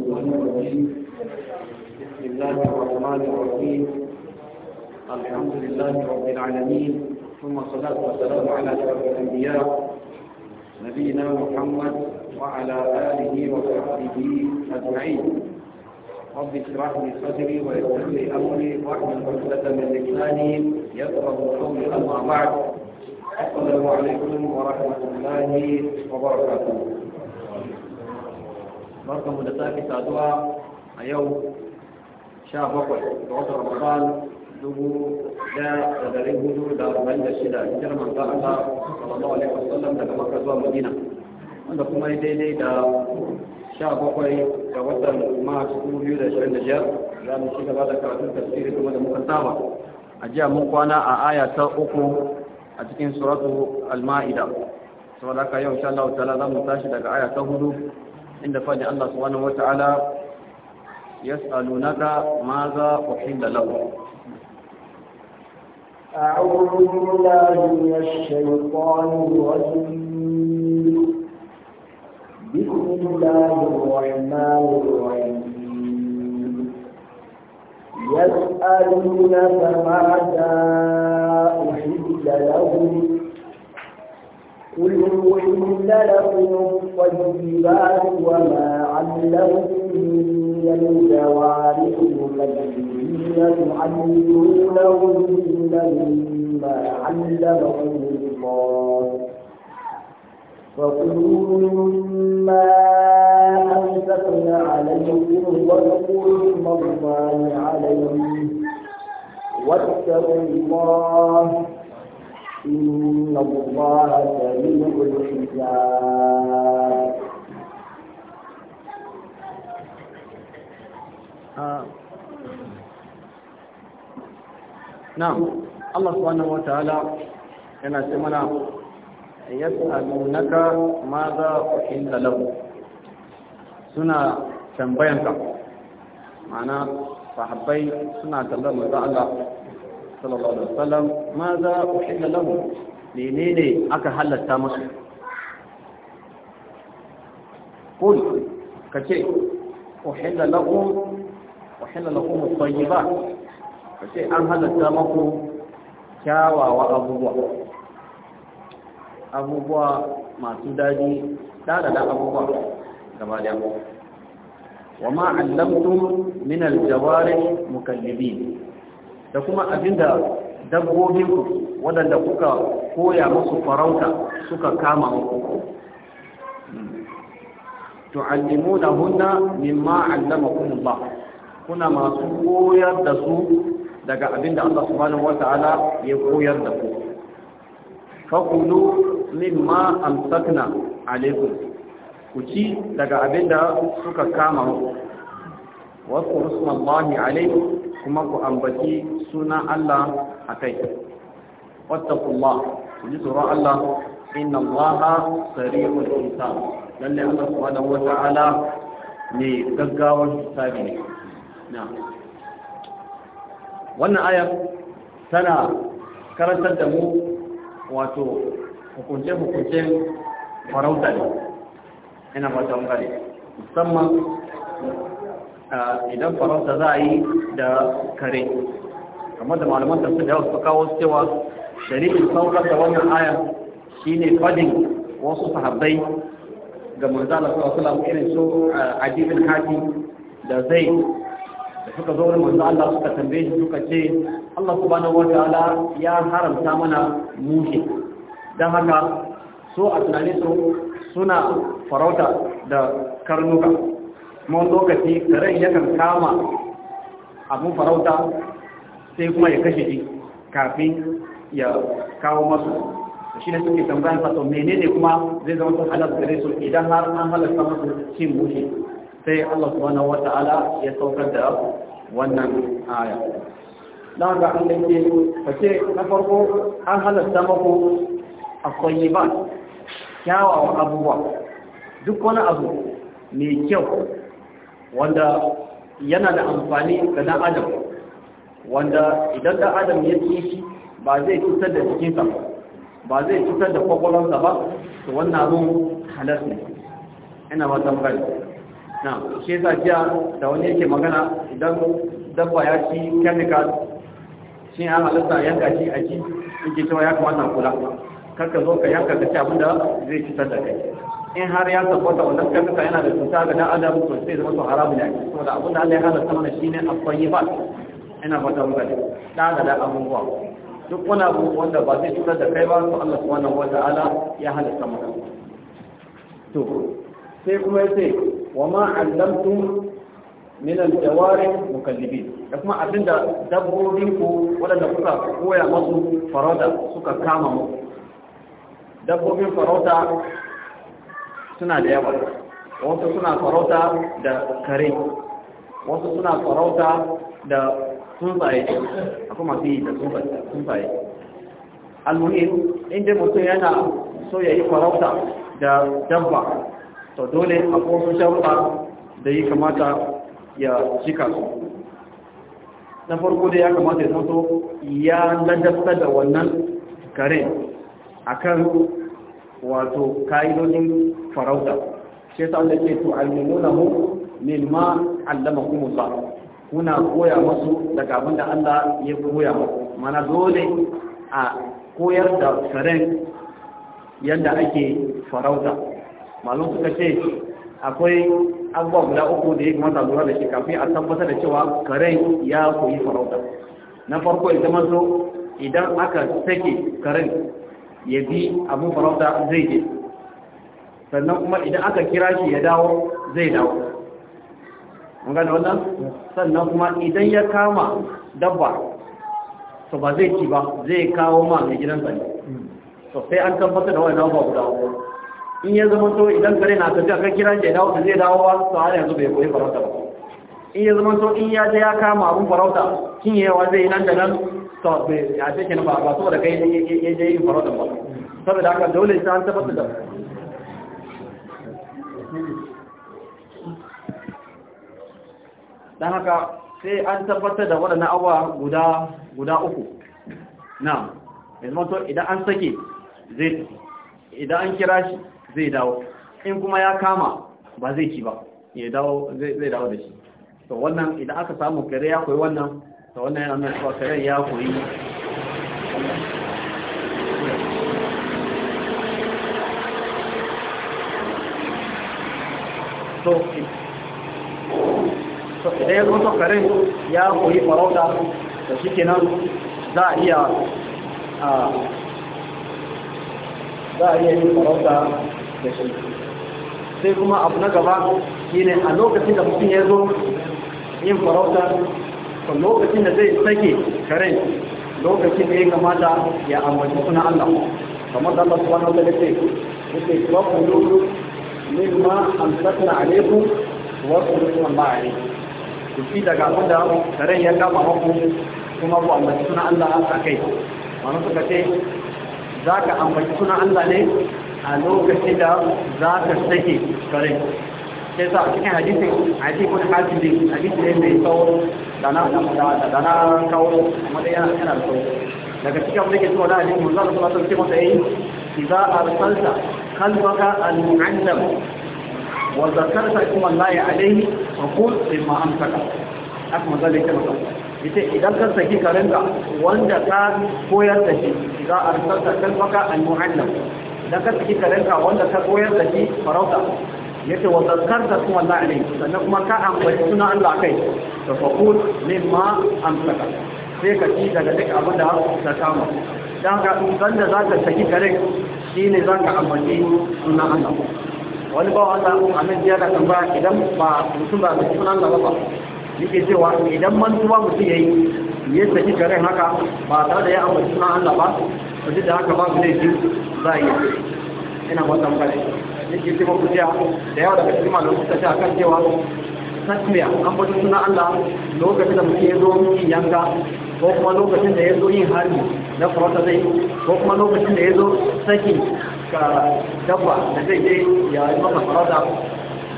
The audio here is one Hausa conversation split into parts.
بسم الله الرحمن الرحيم الحمد لله رب العالمين ثم الصلاة والسلام على أشرف الأنبياء نبينا محمد وعلى آله وصحبه أجمعين رب اشرح لي صدري ويسر لي امري واحمل عقدة من لساني يفقه قولي اما بعد السلام عليكم ورحمة الله وبركاته mu da sake saduwa a yau 17 ga watan ramadan dubu da da arba'in da shida hijirar manzon Allah sallallahu alaihi wasallam daga Makka zuwa Madina wanda kuma ya daidai da sha da ga watan Mars biyu da da za mu ci gaba da karatun tafsiri kuma da mukan saba a jiya mun kwana a aya uku a cikin suratu al-ma'ida saboda haka yau insha Allah ta'ala za mu tashi daga aya ta hudu عند فضل الله سبحانه وتعالى يسألونك ماذا أحل له أعوذ بالله من الشيطان الرجيم بسم الله الرحمن الرحيم يسألونك ماذا أحل لهم قل أحل لكم الطيبات وما علمتم من الجوارح مكينة تعلمونهن مما علمكم الله فكلوا مما أمسكن عليكم واذكروا اسم الله عليه واتقوا الله إن الله سريع الحساب نعم الله سبحانه وتعالى yana ce mana ya tsalunaka ma za a inda lau suna tambayanka ma'ana sahabbai suna tallar maza ma za uhilla lahu menene aka halatta musu kul kace uhilla lahum uhilla lahum ba ka ce an halatta maku kyawawa abubuwa abubuwa masu daji dada da abubuwa gaba da wa ma allamtum min al-jawarih mukallibin da kuma abinda dabbobinku waɗanda kuka koya musu farauta suka kama muku hunna mimma 'allamakumullah kuna masu koyar da su daga abinda Allah subhanahu wata'ala ya koyar da ku fakulu mimma amsakna alaikum ku ci daga abinda suka kama muku wasu rusmallahi alaikum kuma ku ambaci suna Allah a kai wattakullah ku ji tsoron Allah inna Allah sari'ul hisab lalle Allah subhanahu wa ta'ala ne gaggawar hisabi ne na wannan ayar tana karantar da mu wato hukunce-hukuncen farauta ne ina wata ɓangare musamman idan farauta za a yi da kare kamar da malaman da suka kawo cewa shari'in saukar da wannan aya shine fadin wasu sahabbai ga manzo Allah sallallahu alaihi irin su eh, da zai da suka zo wurin manzo Allah suka tambaye shi suka ce Allah subhanahu wataala ya haramta mana mushe dan haka so a tunanin su suna farauta da karnuka kuma lokaci karen yakan kama abin farauta sai kuma ya kashe shi kafin ya kawo masu shi ne suke tambayar fasa menene kuma zai zama su halar gare su idan har an halarta masu cin bushe sai Allah subhanahu wa ta'ala ya saukar da wannan aya da ga an da ke fashe na farko an halarta mako a ba. kyawawan abubuwa duk wani abu mai kyau wanda yana da amfani ga dan adam wanda idan ɗan adam ya ci shi ba zai cutar da jikinsa ba zai cutar da kwakwalonsa ba to wannan abin halar ne ina ba ta na shi yasa jiya da wani yake magana idan dabba ya ci chemical shi an halitta yanka shi a ji yake cewa ya kamata kula karka zo ka yanka ka ci abin da zai cutar da kai in har ya tabbata wannan chemical yana da cuta ga dan adam to sai zama haramun haramu ne saboda abin da Allah ya halatta mana shine akwai ba ina fata muka ne da da abubuwa duk wani abu wanda ba zai cutar da kai ba to Allah wata ala ya halitta maka to sai kuma yace wa ma allamtum min al jawari mukallibin da kuma abinda dabbobinku wadanda wanda kuka koya musu farauta suka kama mu, dabbobin farauta suna da yawa wasu suna farauta da kare wasu suna farauta da tsuntsaye akwai masu almuhim inda mutum yana so ya yi farauta da dabba to dole a kowasu sharuɗa da ya kamata ya cika su na farko da ya kamata ya zanto ya ladabta da wannan kare akan wato ka'idodin farauta shi ta wanda ke to mu, min ma allama kuma kuna koya musu daga abin Allah ya koya muku mana dole a koyar da karen yadda ake farauta malum suka ce akwai abubuwa guda uku da ya kamata lura da shi kafin a tabbatar da cewa karen ya koyi farauta na farko ya zama idan aka sake karen ya bi abin farauta zai je sannan kuma idan aka kira shi ya dawo zai dawo ga da wannan sannan kuma idan ya kama dabba to ba zai ci ba zai kawo ma mai gidan ne to sai an tabbatar da wannan ba guda in ya zama to idan kare na tafiya ka kiran ya dawo zai dawo ba to har yanzu bai koyi farauta ba in ya zama to in ya je ya kama abun farauta kin kinyewa zai nan da nan to bai a ce ba ba saboda kai ya je yin farauta ba saboda haka dole sai an tabbatar da don haka sai an tabbatar da waɗannan awa guda uku na yanzu idan an sake zai idan an kira shi zai dawo in kuma ya kama ba zai ci ba ya dawo zai dawo da shi to wannan idan aka samu kare ya koyi wannan to wannan yana nan cewa kare ya koyi to da ya zama karen ya koyi farauta da shi nan za a iya za yin farauta da shi sai kuma abu na gaba shine a lokacin da mutum ya zo yin farauta to lokacin da zai sake karen lokacin da ya kamata ya ambaci suna Allah kamar da Allah subhanahu wa ta'ala ce yake wa qulu mimma amsakna alaykum wa qulu mimma alaykum ku fi daga abin da ran ya kama maku kuma ku ambaci suna Allah a kai wani suka ce za ka ambaci suna Allah ne a lokacin da za ka sake kare sai sa a cikin hadisin hadisin hadisin hadisin ne mai tsawo da na kawo amma dai yana da tsawo daga cikin abin da ke zuwa da hadisin za ka zuwa sauke masa yayi إذا أرسلت قلبك المعلم wa zakarta kuma Allah ya alaihi fa qul bima amsaka haka manzo yake maka ita idan ka saki karenka wanda ta koyar da shi za a rubuta kalmaka al muhallam. idan ka saki karenka wanda ta koyar da shi farauta yace wa zakarta kuma Allah alaihi sannan kuma ka amfani suna Allah kai to fa qul bima amsaka sai ka ci daga duk abin da ka kama don ka ɗan da za ka saki karen shi ne za ka ambaci suna Allah wani bawa Allah amin jiya da kan ba idan ba mutum ba mutum Allah ba yake cewa idan mantuwa mutum yi ya saki garin haka ba tare da ya amma suna Allah ba wajen da haka zai ji za a yi ina ba san bane yake cewa ku da yawa daga cikin malamu ta ce kan cewa tasmiya an bata suna Allah lokacin da mutum ya zo yanka ko kuma lokacin da ya zo yin harbi na farauta zai ko kuma lokacin da ya zo sakin ka dabba da zai je ya yi maka farauta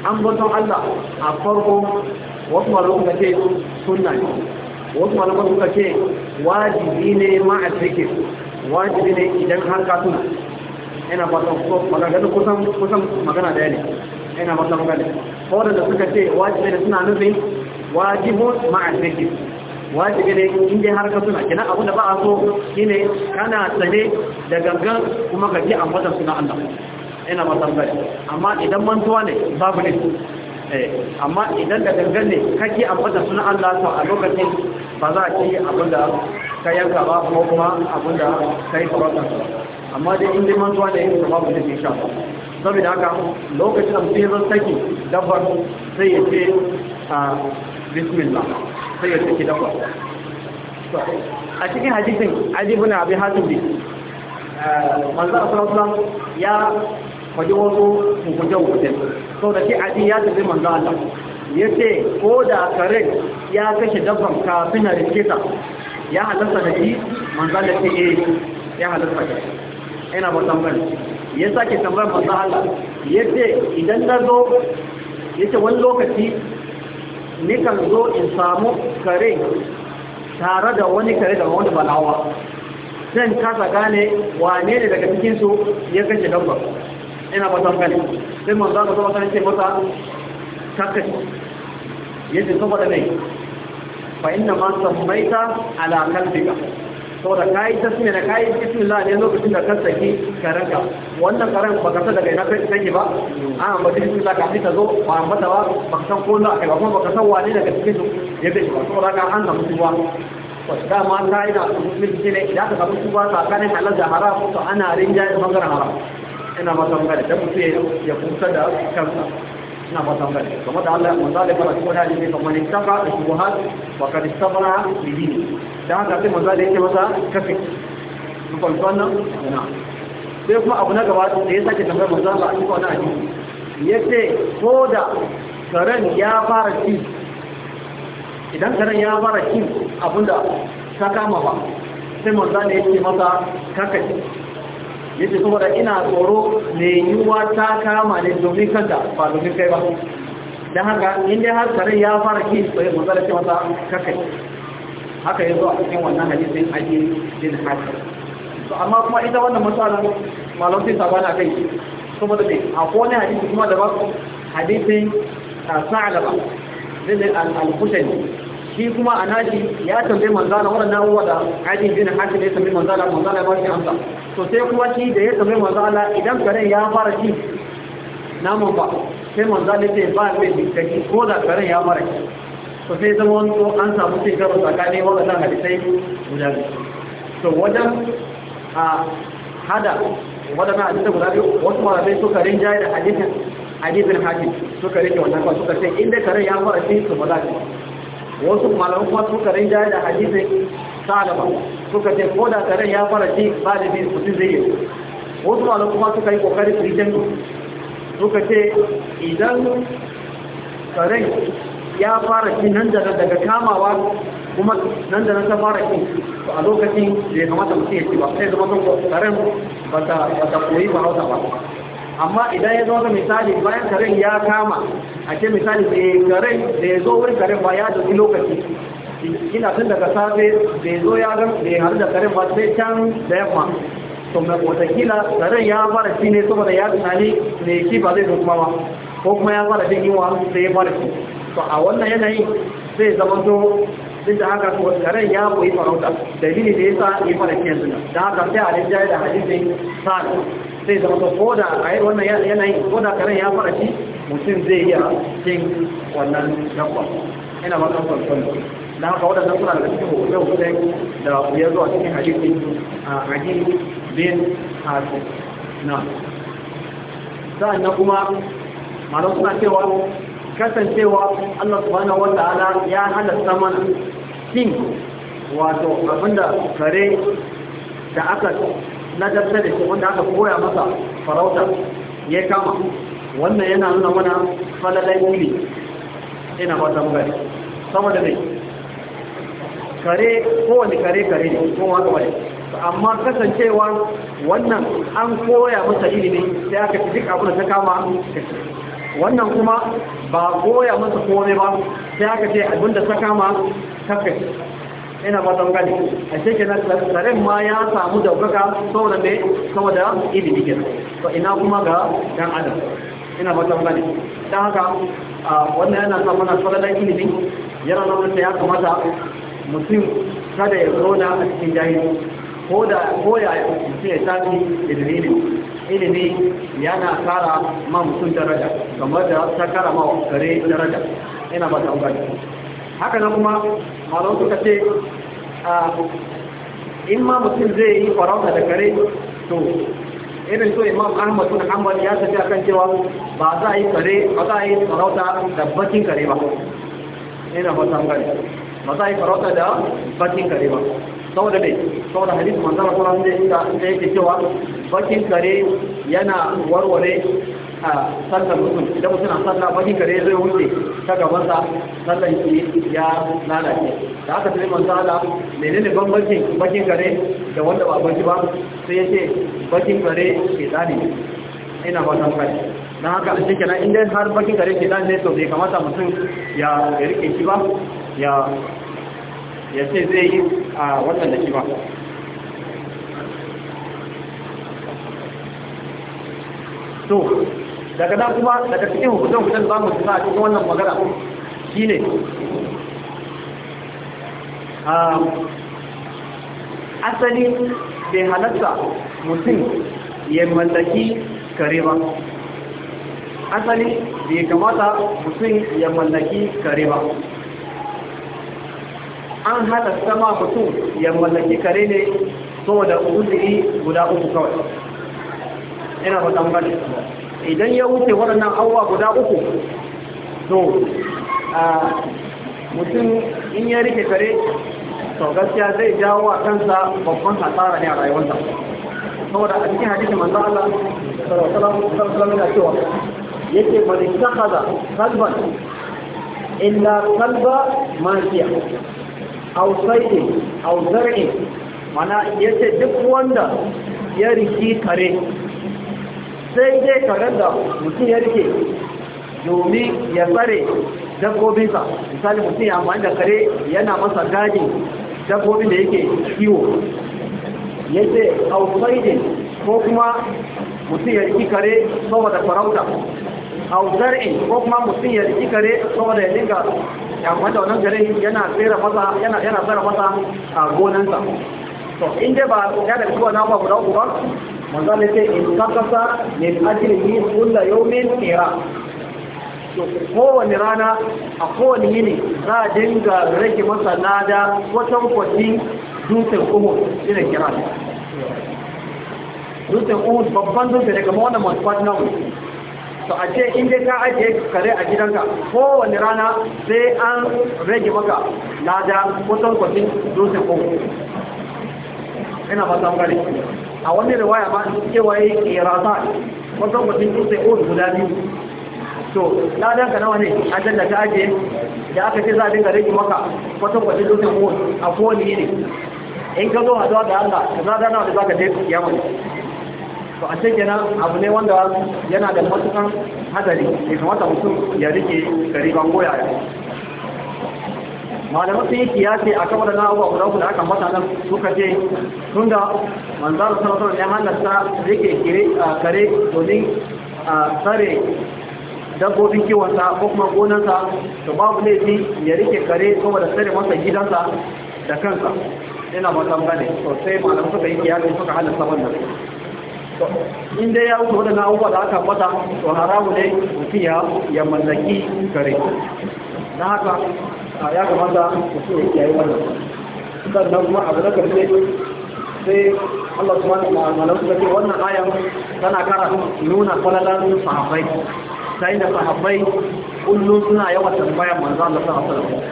an gwaton Allah a farko wasu malamu ka ce sunna ne wasu malamu suka ce wajibi ne ma a cikin wajibi ne idan har ka tuna ina fatan ko magana kusan kusan magana da ne ina fatan magana ko da suka ce wajibi ne suna nufin wajibun ma'a cikin wajibi ne in dai har ka suna kina abu da ba a so shine kana sane da gangan kuma ka ji ambatan suna Allah ina ba tambaya amma idan mantuwa ne babu ne eh, amma idan da gangan ne ka kake ambata suna Allah to a lokacin ba za a ci abinda ka yanka ba kuma kuma abinda ka yi farautar amma dai in dai mantuwa ne yin babu da ke sha saboda haka lokacin da mutum zan saki dabbar sai ya ce a ah, bismillah sai ya saki dabba a cikin hadisin ajibuna abin hatibi manzo sallallahu ya faɗi wasu hukunce hukunce so da ke aji ya tafi manzo Allah ya ce ko da kare ya kashe dabban kafin na riske ya halarta da shi manzo Allah ce eh ya halarta da ina ba tambayar ya sake tambayar manzo Allah ya ce idan na zo ya ce wani lokaci nikan zo in samu kare tare da wani kare da wani balawa zan kasa gane wane ne daga cikinsu ya kashe dabbar ina ba san sai man zaka zo ce masa kakkaci yace saboda mai fa inna ma sammaita ala kalbika Sau da kayi tasmiya da kayi bismillah ne lokacin da ka saki karanka wannan karan baka san daga ina kake ba a ba bismillah ka fita zo ba ambata ba baka san ko na kai ba kuma baka san wani daga cikin su ya bai ba da ka an da mutuwa wasu dama ta yi da musulunci ne idan ka samu tuba kare halal da haram to ana rinjaye bangaren haram ina ma magana da mutum ya kusa da kansa ina fatan gani kamar da Allah manzo Allah fara ko da ne kamar istafa da shubuhat wa kad istabara bi dini dan haka sai mun Allah yake masa kafi ku kwanta na ina sai kuma abu na gaba da ya sake tambayar mun Allah a cikin wannan hadisi yace ko da karen ya fara ci idan karen ya fara ci abunda ta kama ba sai mun Allah yake masa kakaci yace saboda ina tsoro ne yiwuwa ta kama ne domin kanta ba domin kai ba don haka inda har kare ya fara ki tsaye manzara ce masa kakai haka yanzu a cikin wannan hadisin aji jin haka to amma kuma ita wannan matsala malon sai sabana kai saboda ne a kone hadisi kuma da ba hadisin ah, sa'alaba zai al-kushani shi kuma a naji ya tambaye manzana waɗannan abubuwa da aji din haka ne ya tambaye manzana manzana ya ba shi amsa to sai kuma shi da ya sami manzo idan karen ya fara ci naman ba sai manzo Allah sai ba mai dikkaki ko da karen ya fara ci to sai zama wani to an samu sai karo tsakanin waɗannan sai guda biyu to wajen a hada waɗannan hadisai guda biyu wasu malamai suka rinjaye da hadisin hadisin hakim suka rike wannan ba suka ce inda karen ya fara ci su ba wasu malamai kuma suka rinjaye da hadisin salama suka ce ko da karen ya fara balibi su ci zai yi wasu malam kuma suka yi kokari su yi suka ce idan karen ya fara ci nan da daga kamawa kuma nan da nan ta fara ci a lokacin da ya kamata mutum ya ci ba sai zama kan karen ba ta koyi ba hausa ba amma idan ya zo ga misali bayan karen ya kama a ce misali eh, da ya zo wani karen ba ya dauki lokaci kina tun daga safe bai zo ya gan bai har da karen ba sai can da yamma to mai watakila karen ya fara shi ne saboda ya tunani mai shi ba zai zo kuma ba ko kuma ya fara jin yunwa sai ya fara shi to a wannan yanayi zai zama to duk da haka to karen ya koyi farauta dalili da yasa ya fara shi yanzu da haka sai a rinjaye da hadisi sa'ad sai zama to ko da a wannan yanayi ko da karen ya fara shi mutum zai iya cin wannan dabba ina ba kan kwanton da haka waɗannan suna daga cikin hoton hoton da ya zuwa cikin hadisi a hadin bin hasu na sa'an kuma malam suna cewa kasancewa Allah subhanahu wa ta'ala ya halatta mana cin wato abinda kare da aka nadarta da shi wanda aka koya masa farauta ya kama wannan yana nuna mana falalai ne ina ba sama da ne kare ko wani kare kare ne ko wani. kare amma kasancewa wannan an koya masa ilimi sai aka fi duk abu da ta kama wannan kuma ba koya masa kome ba sai aka ce abin da ta kama kafin ina don gani a cikin karen ma ya samu daukaka saboda mai saboda ilimi ke to ina kuma ga dan adam ina don gani don haka wannan yana sa mana fadalar ilimi yana ta ya kamata mutum kada ya zauna a cikin jahili ko da koya ya mutum ya tashi da ilimi yana kara ma mutum daraja kamar da ta kara ma kare daraja ina ba ta ubangi haka nan kuma malon suka ce in ma mutum zai yi farauta da kare to irin so imam ahmad bin hanbal ya tafi akan cewa ba za a yi kare ba za a yi farauta da bakin kare ba ina ba ta ubangi ba ya a farauta da bakin kare ba saboda dai da hadisi manzara kuma inda inda yake cewa bakin kare yana warware a sallar mutum idan mutum na sallah bakin kare zai wuce ta gabansa sallar shi ya lalace da aka sai manzo Allah menene bambancin bakin kare da wanda ba bakin ba sai ya ce bakin kare ke tsani ina ba san kai dan haka a cikin nan inda har bakin kare ke tsani ne to bai kamata mutum ya rike shi ba ya ya ce zai yi a wannan da ba to daga nan kuma daga cikin hukutan hukutan za mu sa cikin wannan magana shine asali bai halatta mutum ya mallaki kare ba asali bai kamata mutum ya mallaki kare ba an hana sama mutum ya mallaki kare ne da uzuri guda uku kawai ina ba dan bane idan ya wuce waɗannan abubuwa guda uku to mutum in ya rike kare to gaskiya zai jawo a kansa babban hasara ne a rayuwarsa saboda a cikin hadisi manzo Allah sallallahu alaihi wasallam ya cewa yake man ittakhadha qalban illa qalba man aw saydin mana ya ce duk wanda ya riki kare sai dai karen da mutum ya rike domin ya tsare dabbobinsa misali mutum ya amfani da kare yana masa gajin dabbobin da yake kiwo Ya ce saydin ko kuma mutum ya riki kare saboda farauta aw ko kuma mutum ya riki kare saboda ya dinga wanda wannan gare yana tsere masa yana yana tsere masa a gonansa to inda ba ya da kowa na guda uku ba manzo ne sai in kasa ne ajrihi yau yawmin qira to kowane rana a kowane yini za a dinga rage masa ko watan kwatin dutsen kuma shine kira dutsen kuma babban dutse ne kamar wannan masu kwatin to a ce in ka ajiye kare a gidanka kowane rana sai an rage maka lada kusan kwafin dutse ko ina fata gari a wani riwaya ma ke rasa kusan kwafin dutse ko guda biyu to lada ka nawa ne a can da ka ajiye da aka ce za a dinga rage maka kusan kwafin dutse ko a kowane ne in ka zo zuwa da Allah ka zada nawa da za ka je kiyama to a cikin abu ne wanda yana da matukan hadari ya kamata mutum ya rike gari goya ya malamai sun yi kiyasi a kan wadannan abubuwa guda uku da aka mata nan suka ce tun da manzara sarautar ya halatta rike kare domin tsare dabbobin kiwonsa ko kuma gonansa to babu laifi ya rike kare da tsare masa gidansa da kansa ina matan gane sosai malamai suka yi kiyasi suka halatta wannan in dai ya wuce wadannan abubuwa da aka fata to haramu ne mutum ya mallaki kare na haka ya kamata ku mutum ya kiyaye wannan sannan kuma abu na karshe sai Allah su wa ma'amalan su ce wannan ayan tana kara nuna falalan sahabbai sai da sahabbai kullum suna yawan tambayar manzo Allah sallallahu alaihi wasallam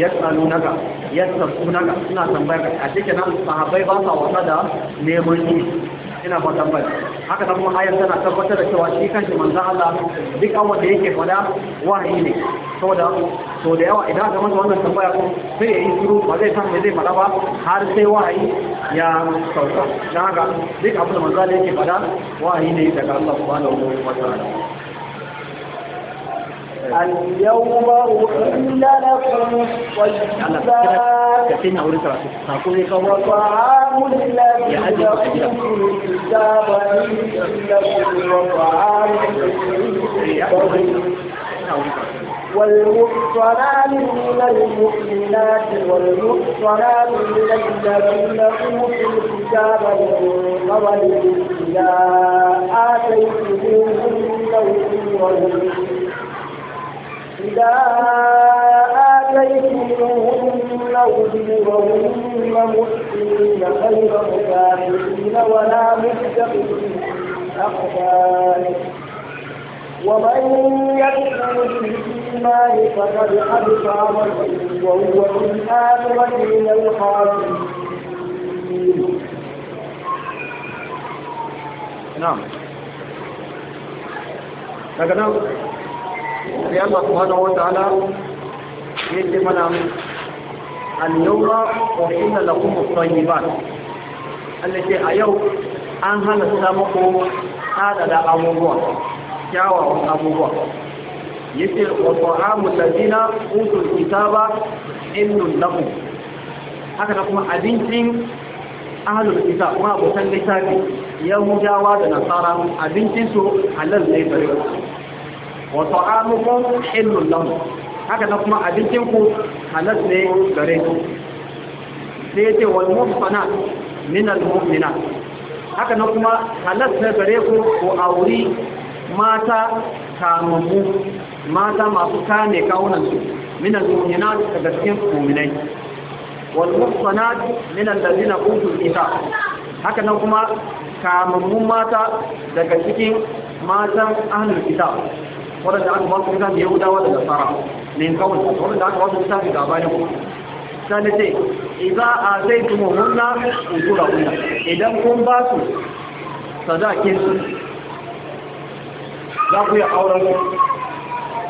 yasalunaka yasasunaka suna tambayar a cikin nan sahabbai ba sa wasa da neman ilimi ina ba bai haka nan kuma ayar tana tabbatar da cewa shi kanshi manzo Allah duk an wanda yake fada wahayi ne saboda to da yawa idan aka masa wannan tambaya ko sai ya yi shiru ba zai san me zai fada ba har sai wahayi ya sauka dan haka duk abin da manzo Allah yake fada wahayi ne daga Allah subhanahu wa ta'ala اليوم أحل لكم الطيبات وطعام الذين أوتوا الكتاب لكم وطعامكم والمحصنات من المؤمنات والمحصنات من الذين اوتوا الكتاب من قبلكم اذا اتيتموهن اجورهن إذا آتيتموهن أجورهن محسنين غير مسافرين ولا متخذين أقدام ومن يكفر بالإيمان فقد حبط عمله وهو في الآخرة من الخاسرين نعم هذا نعم sai Allah subhanahu wataala yake mana annura wa inna lakum at-tayyibat Allah ce a yau an halatta muku adada abubuwa kyawawan abubuwa yace wa ta'amu ladina utul kitaba innun lakum haka da kuma abincin ahlul kitab kuma abokan littafi yahudawa da nasara abincin su halal ne gare su wa ta'amukum hillun lamu haka na kuma abincin ku halas ne gare ku sai yace wal mumsana nina al mu'mina haka na kuma halas ne gare ku ko auri mata kamamu mata masu kame kawunansu su min al mu'mina daga cikin mu'minai wal mumsana min allazina utul ita haka na kuma kamammun mata daga cikin matan ahlul kitab waɗanda aka wasu basu littafin yahudawa da nasara min kawai waɗanda aka wasu littafin da bayan sani ce iza a zai tumo hunna ujura hunna idan kun ba su sadakin su za ku yi auren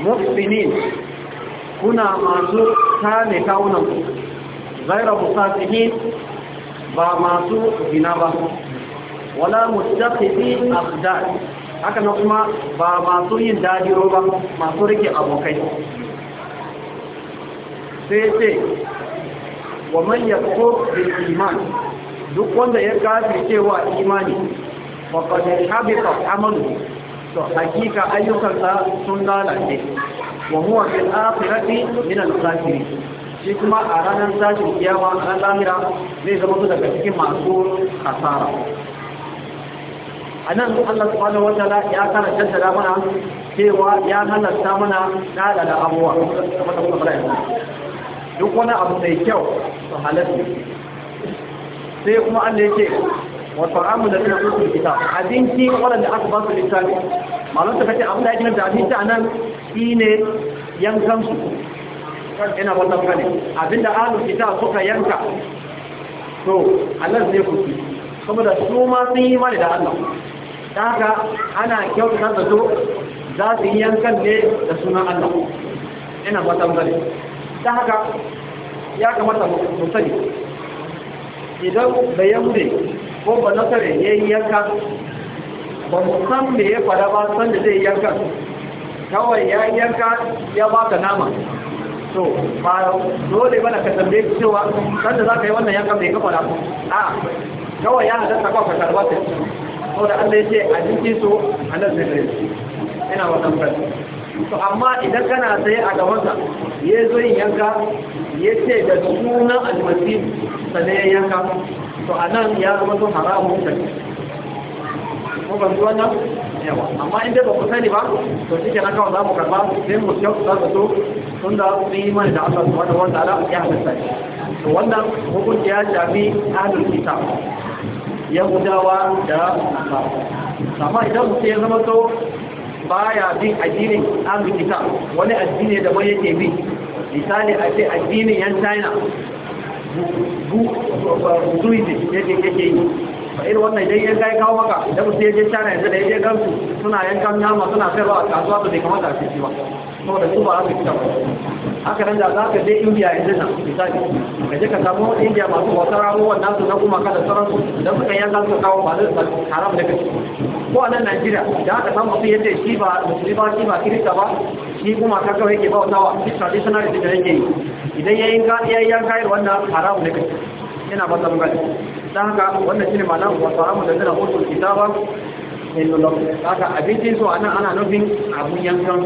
mufinin kuna masu kame kawunan ku zaira musafihin ba masu gina ba wala mustaqidi afdal haka na kuma ba masu yin dajiro ba masu rike abokai sai ce wa man ko da iman duk wanda ya kafi cewa imani wa kwanye habita amalu to hakika ayyukansa sun lalace wa huwa fil akhirati min al shi kuma a ranar kiyawa a ran lamira zai zama daga cikin masu kasara a nan Allah subhanahu wa ta'ala ya kana jaddada mana cewa ya halatta mana dala da abuwa duk wani abu mai kyau su halatta sai kuma Allah yake wa ta'amu da kana usul kitab abinci wanda aka ba su littafi malon ta kace abin da yake da abinci anan shine yankan su ina wannan kane abinda ahlul kitab suka yanka to Allah zai kuci da su ma sun yi mani da Allah Ta haka ana kyauta zato za su yi yankan ne da sunan Allah ina ba tambar da haka ya kamata mu sani idan bayan ne ko ba nasare ya yi yanka ba mu san me ya fara ba san da zai yanka kawai ya yanka ya ba ka nama to ba dole na ka tambaye cewa da za ka yi wannan yanka mai kafa na a kawai ya hada ta kwa ka karba saboda Allah ya ce a jikin su halal zai gare ina wannan fasi to amma idan kana sai a gabansa ya zo yin yanka ya ce da sunan almasi sannan ya yanka to a nan ya zama zo haramun ko ban zuwa nan yawa amma ba ku sani ba to shi kenan za mu karba sai mu kyau za da yi da Allah subhanahu wa ta'ala ya to wannan hukunci ya shafi ahlul kitab yahudawa da nasara amma idan mutum ya zama to baya bin addinin amurka wani addini da mai yake bi misali a ce addinin yan china buzuizm yake yake yi ba irin wannan idan yanka ya kawo maka idan mutum ya je china yanzu da ya je gansu suna yankan nama suna sayarwa a kasuwa da zai kamata a ce ba saboda su ba aka kira ba haka nan da za ka je indiya yanzu nan misali ka je ka samu indiya masu bautar abubuwan nasu na kuma ka kada sauransu idan suka yi yanka su kawo ba zai haram da kashi ko a nan najeriya da aka samu mutum yadda shi ba musulmi ba shi ba kirista ba shi kuma ka kawai ke yake bautawa shi traditional religion yake yi idan ya yi ya yanka yin wannan haram da kashi yana ba zama gani don haka wannan shi ne ma nan wasu ramu da zina hoto kitaba haka abincin su a nan ana nufin abun yankan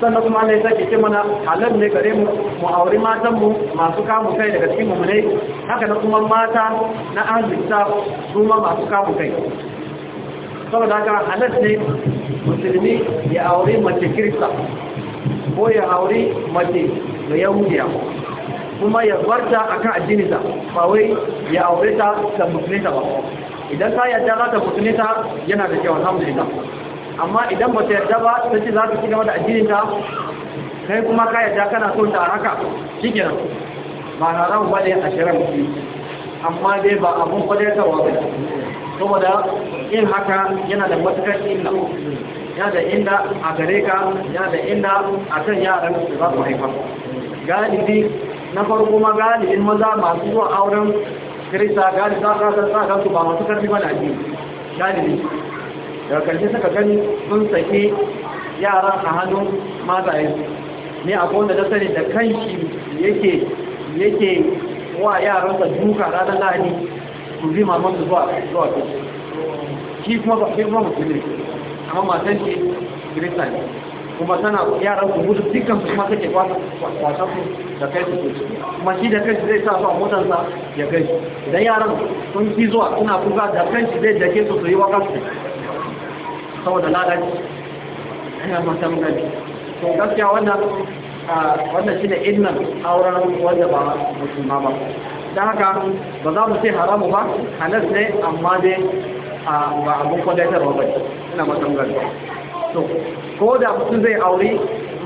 sannan kuma ne sai sake ce mana halal ne gare mu mu auri matan mu masu kamu kai daga cikin mu ne haka na kuma mata na arzikta kuma masu kamu kai saboda haka halal ne musulmi ya auri mace kirista ko ya auri mace da yahudiya kuma ya barta akan addininta ba wai ya aure ta ta ba idan ta yadda za ta musulunta yana da kyau alhamdulillah amma idan ba ta yarda ba ta ce za ta ci gaba da ajiyinta ta kai kuma ka yadda kana son ta haka nan ba na ran bane a shirin amma dai ba abun kwadaitarwa ba saboda in haka yana da matukar illa ya da inda a gare ka ya da inda a kan yaran da za su haifa galibi na farko ma galibin maza masu zuwa auren kirista galibi za ka san sa ba masu karfi ba da addini galibi daga karshe suka gani sun sake yaran a hannu hannun matayen ne a wanda ta sani da kanshi yake yake wa yaran yaransa duka ranar lahani su bi mamansu zuwa zuwa ko shi kuma ba shi kuma musulmi amma matan ce kirista ne kuma tana yaran su gudu dukkan su kuma take kwasan su da kai su kuma shi da kai zai sa su a motarsa ya kai idan yaran sun fi zuwa suna kuka da kai zai dake su su yi wakansu saboda lalaci ina mutum gani to gaskiya wannan wannan shi ne innan auren wanda ba musulma ba don haka ba za mu ce haramu ba halas ne amma dai ba abin kwadatarwa ba ina mutum gani to ko da mutum zai auri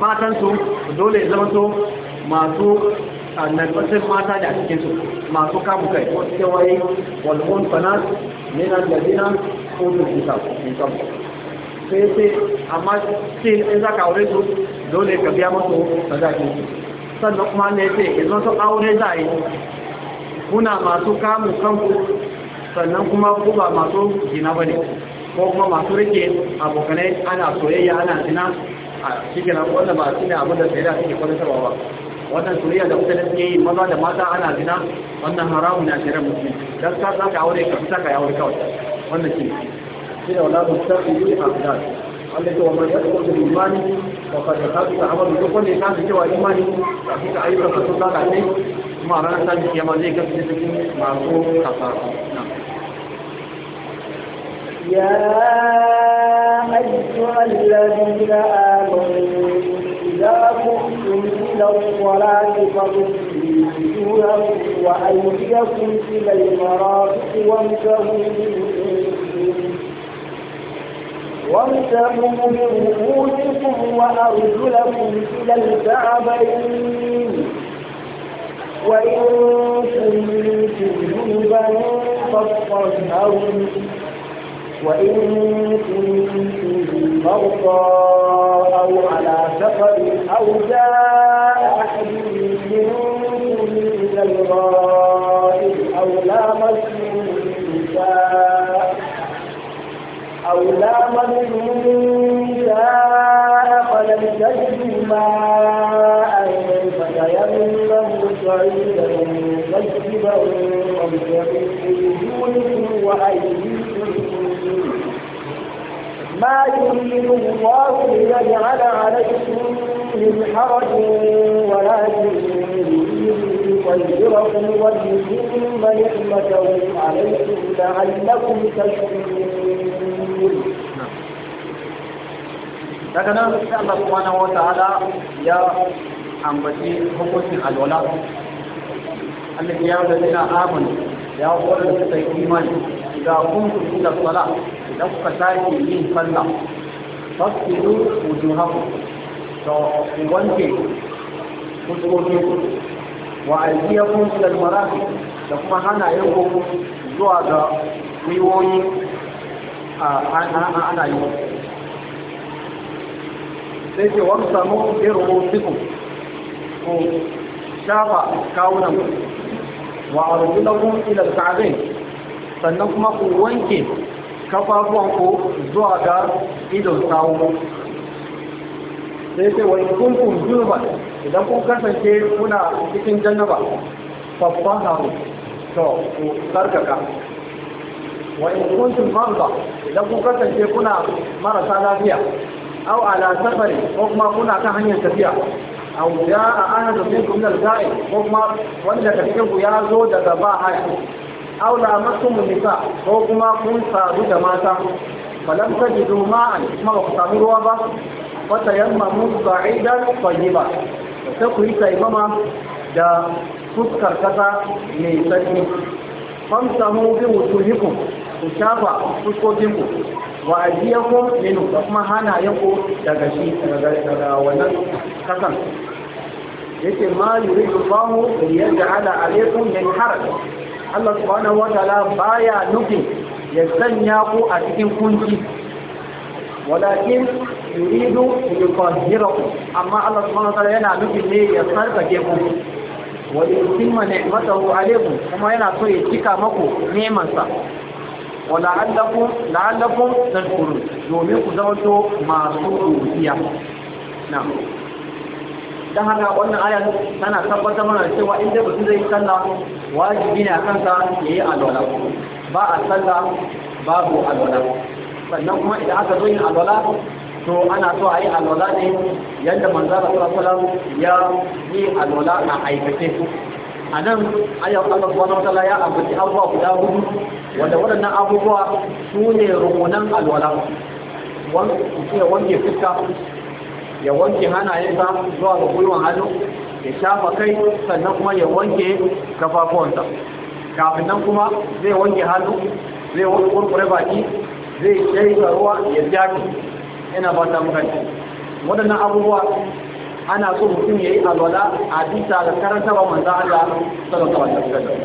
matansu dole zama to masu annabacin mata da cikinsu masu kamun kai wasu kewaye walhun fanas nina da dina ko da kusa sai sai amma still in za ka aure su dole ka biya masu sadakin sannan kuma ne ce idan sun aure za a yi kuna masu kamun kanku sannan kuma ku ba masu gina ba ne ko kuma masu rike abokanai ana soyayya ana zina a cikin wanda ba su ne abin da sai da suke kwanatarwa ba wannan soyayya da mutane suke yi maza da mata ana zina wannan haramun ya shirin musulmi gaskiya za ka aure ka fita ka yawon kawai wannan shi هي أولاد الشرعي أبدان التي ومن يدخل بالإيمان وقد يخاف عمل الدخول لكان سوى إيمان أخيك أيها رسول الله عليه ما رانا سابق يما زي كيف تسكين معروف خسارة نعم. يا أيها الذين آمنوا إذا قمتم إلى الصلاة فاغسلوا وجوهكم وأيديكم إلى المرافق وامسحوا وارتبوا برؤوسكم وأرجلكم إلى الكعبين وإن كنتم جنبا فاطهروا وإن كنتم مرضى أو على سفر أو جاء أحد منكم من الغائب أو لامستم النساء أو لا من شاء فلم تجد ماء فتيممه صعيدا طيبا وابتغوا في دونكم وأيديكم ما يريد الله ليجعل عليكم من حرج ولكن يريد يطيركم ويتم نعمته عليكم لعلكم تشكرون daga nan sai Allah subhanahu wataala ya ambaci hukuncin alwala Allah ya yarda da amanu ya horar da suka imani ga kuntum da sala idan kuka sake yin sallah fasilu wujuhakum to wanke kusurofin ku wa aljiyakun ila almarafi da kuma hana yanku zuwa ga wiwoyi ana yi sai ce wani samun irin rufin ku shafa kawunan wa arjulakum ila al-ka'bayn sannan kuma ku wanke kafafuwan zuwa ga idon sawu sai ce wani kunkun junuban idan kun kasance kuna cikin jannaba babban haru to ku sarkaka wa in kuntum marda idan kun kasance kuna marasa lafiya أو على سفر أو ما كنا كهن السفيا أو جاء أنا منكم من الزائر أو ما ولا تفكره يا زوجة تباها أو لامستم النساء أو ما كن صادو جماعة فلم تجدوا ماء ما اختموا روابا فتيمموا بعيدا طيبا تقوي تيمما دا fuskar kasa من سجن famsamu bi ku shafa fuskokinku wa ku minu da kuma hana yanku daga shi daga wannan kasan yake ma yuridu Allahu liyaj'ala alaykum min haraj Allah subhanahu wa ta'ala baya nufin ya sanya ku a cikin kunci walakin yuridu ku, amma Allah subhanahu wa ta'ala yana nufin ne ya sarkake ku wa yutimma ni'matahu alaykum kuma yana so ya cika maku neman sa ولعلكم تذكرون la'allakum tadhkurun domin ku zama to masu dan haka wannan aya tana tabbatar mana cewa in dai mutum zai sallah wajibi ne a kansa yayi alwala ba a salla babu alwala sannan kuma idan aka zo yin alwala to ana so a yi alwala ne yadda manzara sallallahu ya yi alwala a aikace a nan ayar Allah subhanahu wataala ya ambaci abubuwa guda hudu wanda waɗannan abubuwa su ne rumunan alwala ya wanke fuska ya wanke hannayensa zuwa ga gwiwan hannu ya shafa kai sannan kuma ya wanke kafafuwansa kafin nan kuma zai wanke hannu zai wanke kurkure baki zai shaita ruwa ya jaki ina ba ta mukanci waɗannan abubuwa ana so mutum ya yi alwala a bisa da karantarwa manzan Allah sallallahu alaihi wasallam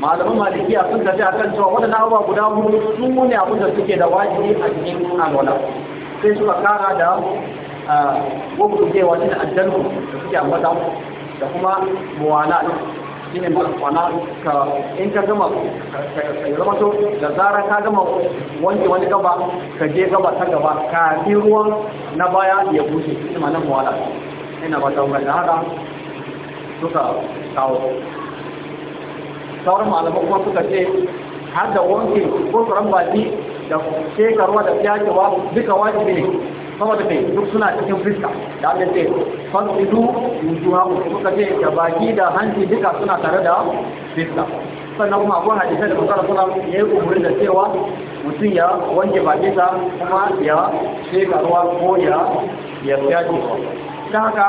malaman malikiya sun tafi akan cewa waɗannan abubuwa guda hudu su ne abin da suke da wajibi a cikin alwala sai suka kara da ah, gwamnati wata da addanu da suke ambata da kuma muwala shi ne mana ka in ka gama ka zama to da zara ka gama wanke wani gaba ka je gaba ta gaba kafin ruwan na baya ya bushe shi ma nan mawala ina ba ta wani hada suka kawo sauran malaman kuma suka ce har da wanke ko tsoron baki da shekarwa da fiyakewa duka wajibi ne saboda mai duk suna cikin fiska da abin ce fasfidu wujuwa suka ce da baki da hanci duka suna tare da fiska sannan kuma abuwa hadisai da kusa suna ya yi umarni da cewa mutum ya wanke bakinsa kuma ya shekaruwa ruwa ko ya ya fyaji ta haka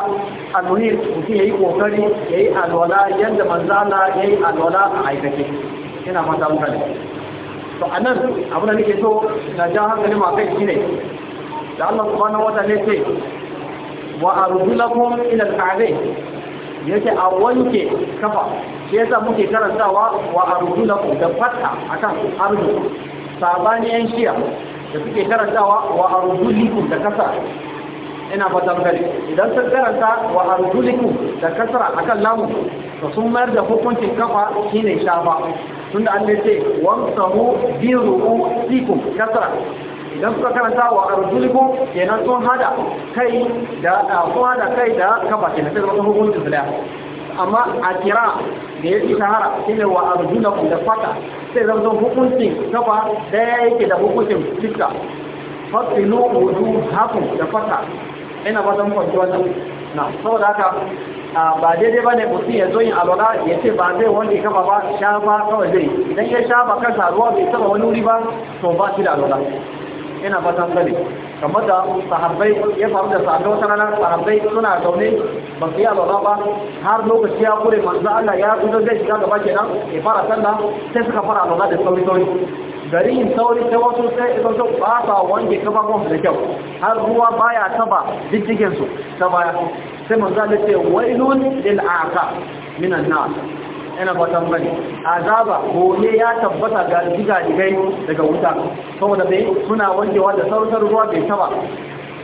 almunir mutum ya yi kokari ya yi alwala yadda manzana ya yi alwala a aikace ina mata muka ne to a nan abin da nake so na jan hankali ma kai ne. da Allah subhanahu wa ta'ala ne ce wa arzulakum ila al-ka'bayn yake a wanke kafa shi yasa muke karantawa wa arzulakum da fatha akan arzu sabani an shiya da suke karantawa wa arzulikum da kasa ina fatan gari idan sun karanta wa arzulikum da kasra akan lamu to sun mayar da hukuncin kafa shine shafa tunda Allah ya ce wamsahu bi ru'usikum kasra idan suka karanta wa arjulikum kenan sun hada kai da kuma da kai da kafa kenan sai zama hukuncin su daya amma a kira da ya fi shahara shine wa arjulakum da fata sai zama hukuncin kafa daya yake da hukuncin fiska fasilu hakun da fata ina ba zan kwanci wannan na saboda haka ba daidai ba ne mutum ya zo yin alwala ya ce ba zai wanda kafa ba sha ba kawai zai idan ya sha ba kansa ruwa bai taba wani wuri ba to ba shi da alwala ina fatan sani kamar da sahabbai ya faru da sahabbai wata rana sahabbai suna zaune ba su yi alwala ba har lokaci ya kure manzo Allah ya zo zai shiga gaba kenan ya fara sallah sai suka fara alwala da sauri sauri gari yin sauri sai wasu sai idan su ba sa wanke kafafun da kyau har ruwa baya taba diddigen su ta baya sai manzo Allah ce wailun lil aqa minan nas yana fatan bane azaba gobe ya tabbata ga digai daga wuta saboda bai suna wankewa da sauran ruwa bai taba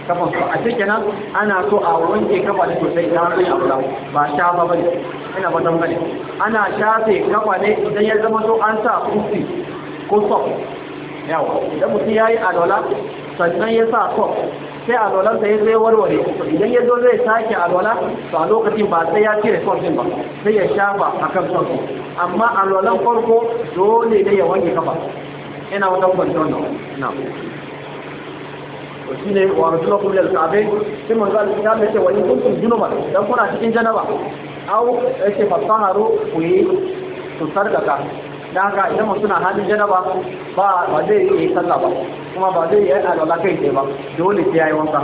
kafa su a cikin nan ana so a wanke kafa da sosai da hannun abu da ba sha ba bane ina fatan bane ana shafe kafa ne idan ya zama so an sa kufi ko sok yawa idan mutum ya yi alola sannan ya sa sok sai alwalansa ya zai warware idan ya zo zai sake alwala to a lokacin ba sai ya cire son ba sai ya shafa a kan son amma alwalan farko dole ne ya wanke kafa ina wata kwanci wannan na shi ne wa rasula kuma da sabe sai mun zai ya yace wa in kuntum dan kuna cikin janaba au ce fasaharu ku yi su da ga idan mutum na halin janaba ba ba zai yi sallah kuma ba zai yi alwala kai ba dole sai yayi wanka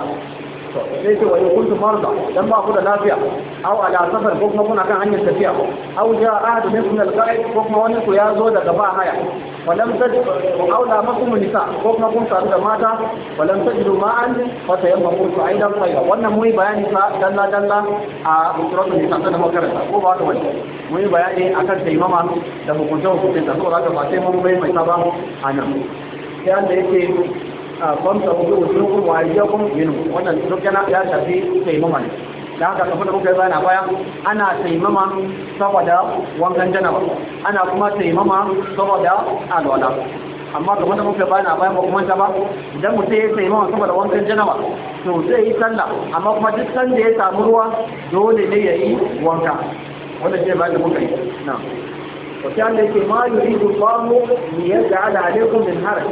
sai ce wani in kuntu marda dan ba ku da lafiya aw ala safar ko kuma kuna kan hanyar tafiya aw ja ahadu minkum al-qa'id ko kuma wani ku ya zo daga ba haya walam tajid aw la makum nisa ko kuma kun sadu da mata walam tajidu ma'an fa tayammamu fa aidan khayra wannan mun bayani fa dalla dalla a suratul nisa da makaranta ko ba ta wani Mu yi bayani akan taimama da hukunta hukunta da saboda haka ba sai mun bai mai saba a nan sai da yake famsa ku ujukum wa ayyakum minhu wannan duk yana ya shafi taimama ne da haka kafa da muka yi bayana baya ana taimama saboda wangan janaba ana kuma taimama saboda alwala amma ga wanda muka bayana bayan ba kuma ba idan mutum ya taimama saboda wangan janaba to zai yi sallah amma kuma duk sanda ya samu ruwa dole ne ya yi wanka wanda ke bayan da muka yi na'am وكان لكي ما يريد الله ليجعل عليكم من حرج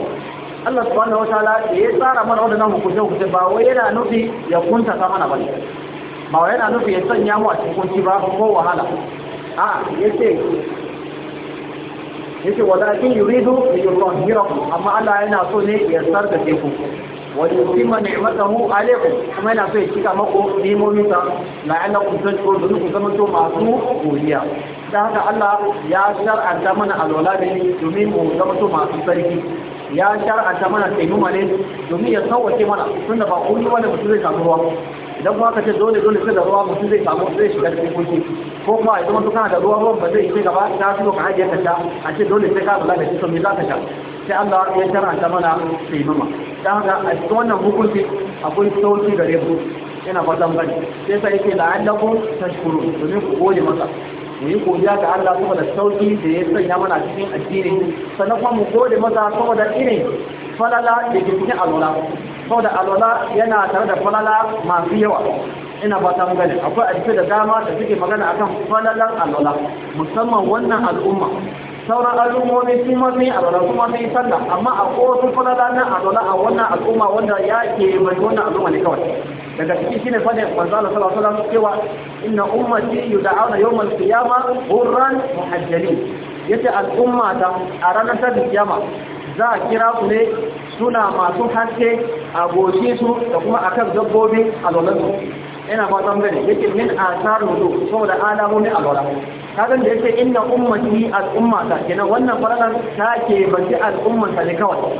Allah subhanahu wataala da ya tsara mana wadannan hukunce hukunce ba wai yana nufi ya kunta ta mana ba ba wai yana nufi ya sanya mu a cikin kunci ba ko wahala a yace yace walakin yuridu yutahhirakum amma Allah yana so ne ya sarka ku wani musamman ni'matahu alaikum kuma yana so ya cika mako nimominsa la'allakum tashkurun domin ku zama to masu godiya da haka Allah ya shar'anta mana alwala da yi domin mu zama to masu sarki ya shar'anta mana taimama ne domin ya sauwake mana tun da ba kullu wanda mutum zai samu ruwa idan kuma ka ce dole dole sai da ruwa mutum zai samu zai shiga cikin kunci ko kuma idan mutum kana da ruwa ruwan ba zai yi gaba ta su ka hajiya ka sha a ce dole sai ka kula da shi to me za ka sha sai Allah ya shar'anta mana taimama dan haka a cikin wannan hukunci akwai sauki gare mu yana fatan bane sai sai yake la'allakum tashkurun domin ku gode masa mu yi godiya ga Allah saboda sauki da ya sanya mana cikin addini sannan kuma mu gode masa saboda irin falala da ke cikin alwala saboda alwala yana tare da falala masu yawa ina ba ta akwai addini da dama da suke magana akan falalan alwala musamman wannan al'umma sauran al'ummomi su ma sun yi alwala su ma sun yi sallah amma a kowace falala na alwala a wannan al'umma wanda ya ke mai wannan al'umma ne kawai daga cikin shine fadin manzo Allah sallallahu alaihi wasallam cewa inna ummati yud'auna yawm al hurran muhajjalin yace al'umma ta a ranar ta kiyama za a kira su ne suna masu haske a goshi su da kuma akan dabbobin alwalansu ina fatan gani yake min asar wudu saboda alamomin alwala kagan da yake inna ummati al'ummata kenan wannan faradan ta ke al'umman ta ne kawai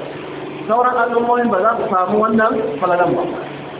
sauran al'ummomin ba za su samu wannan falalan ba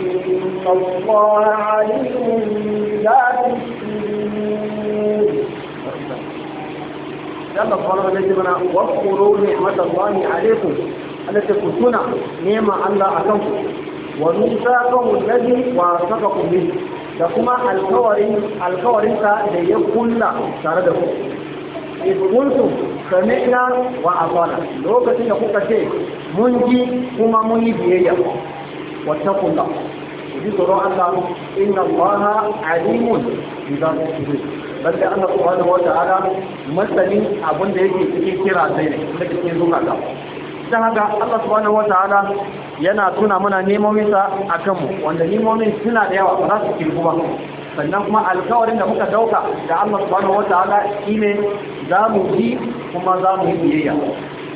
إن الله عليم بذات الصدور الله سبحانه وتعالى واذكروا نعمة الله عليكم التي كنتنا نعمة الله أكمكم وميثاقه الذي واثقكم به da kuma alkawarinsa da ya kulla tare da ku iskuntu sami'na wa asana lokacin da kuka ce mun ji kuma mun yi biyayya واتقوا الله وذكروا أنه إن الله عليم بذات الصدور بل أن سبحانه وتعالى مثل أبن يجي في كرا زينة لكن يزوك هذا don haka Allah subhanahu wataala yana tuna mana nemominsa a kanmu wanda nemomin suna da yawa ba su kirku ba sannan kuma alkawarin da muka dauka da Allah subhanahu wataala shine za mu bi kuma za mu yi biyayya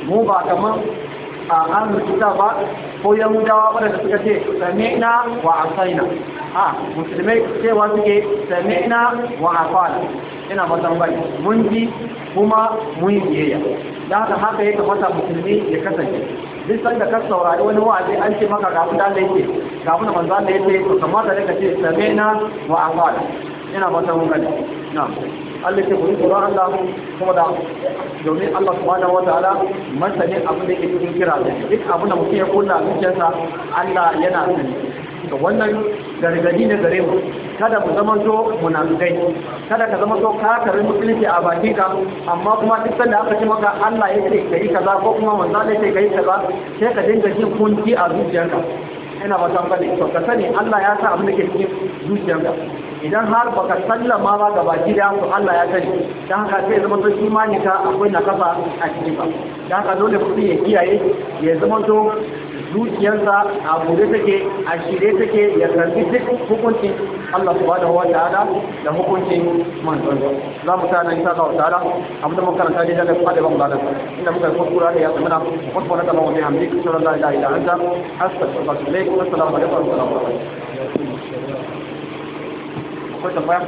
mu ba kamar a hannun kita ba ko yahudawa wadanda suka ce sami'na wa asaina a musulmai cewa suke sami'na wa afana ina matan bai mun ji kuma mun biyayya da haka haka ya kamata musulmi ya kasance duk sanda ka saurari wani wa'azi an ce maka gafi da Allah yake gafi da manzo Allah yake kamata da ka ce sami'na wa afana ina matan bai na'am Allah ke koyi tsoron Allah kuma da domin Allah subhanahu wataala masanin abin da yake cikin kira duk abin da mutum ya kulla zuciyarsa Allah yana sani to wannan gargadi ne gare mu kada mu zama zo munafikai kada ka zama zo ka karin musulunci a baki ka amma kuma duk sanda aka ci maka Allah ya ce kai kaza ko kuma manzo ya ce kai kaza sai ka dinga jin kunci a zuciyarka ina ba san bane to ka sani Allah ya sa abin da ke cikin zuciyarka idan har baka sallama ba ga baki da to Allah ya sani dan haka sai zama to mani ka akwai nakafa a cikin ba dan haka dole ku ya kiyaye ya zama to zuciyarsa a bude take a shirye take ya karbi duk hukuncin Allah subhanahu wa ta'ala da hukuncin manzon Allah mu tana insha Allah ta'ala amma mun karanta dai daga fadi ban bada inda muka ko kura da ya kuma wa subhanahu wa ta'ala wa bihamdihi sallallahu alaihi wa sallam assalamu alaikum wa rahmatullahi wa barakatuh akwai tambaya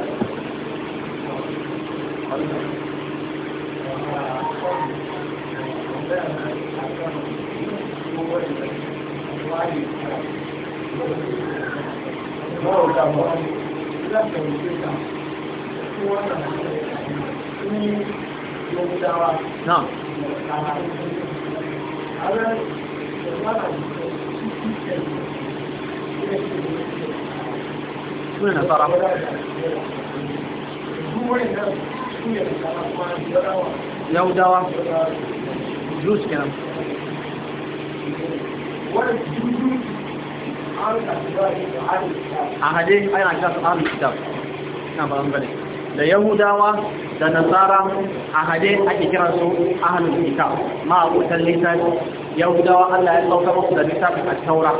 Na'am. شنو نظرة لو دواء جوز كلام أهدي أين أجلس أهل الكتاب نعم بلان بلي لا يهودا ولا نصارى أهدي أكثر سوء أهل الكتاب ما أقول تلسل يهودا ألا يطلق رسل الكتاب التوراة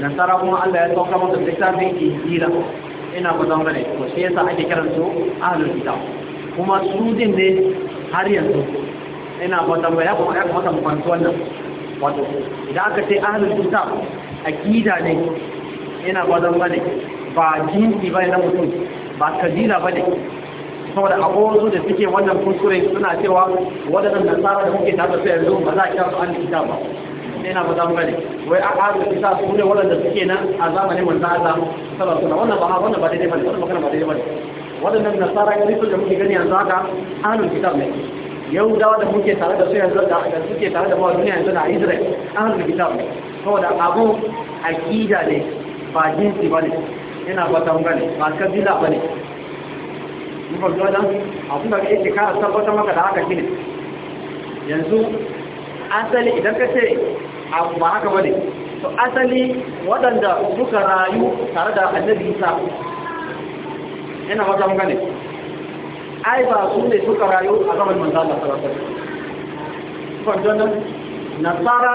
nasara kuma Allah ya sauka masa littafin injila ina ba zama ne ko sai yasa ake kiran su ahlul kitab kuma su din ne har yanzu ina ba zama ya kuma ya kuma san kwanto wannan wato idan aka ce ahlul kitab akida ne ina ba zama ne ba jinsi ba na mutum ba kabila ba ne saboda abubuwan da suke wannan kuskure suna cewa waɗannan nasara da muke tafi yanzu ba za a kira su ahlul kitab ba ina ba mu bane wai a haɗu isa su ne waɗanda suke nan a zamanin a zamu sallallahu alaihi wannan ba wannan ba daidai bane wannan magana ba daidai bane wadannan nasara kiristo da muke gani yanzu haka ahlul kitab ne yahudawa da muke tare da su yanzu da suke tare da mu duniya yanzu da Israel ahlul kitab ne saboda abu aqida ne ba jinsi bane ina ba ta bane ba kabila bane mun a wajen abin da yake kara tabbatar maka da haka shine yanzu asali idan ka ce ba haka bane to asali waɗanda suka rayu tare da annabi isa yana mata mun gane ai ba su ne suka rayu a zaman manzo Allah sallallahu alaihi wasallam kwanton nasara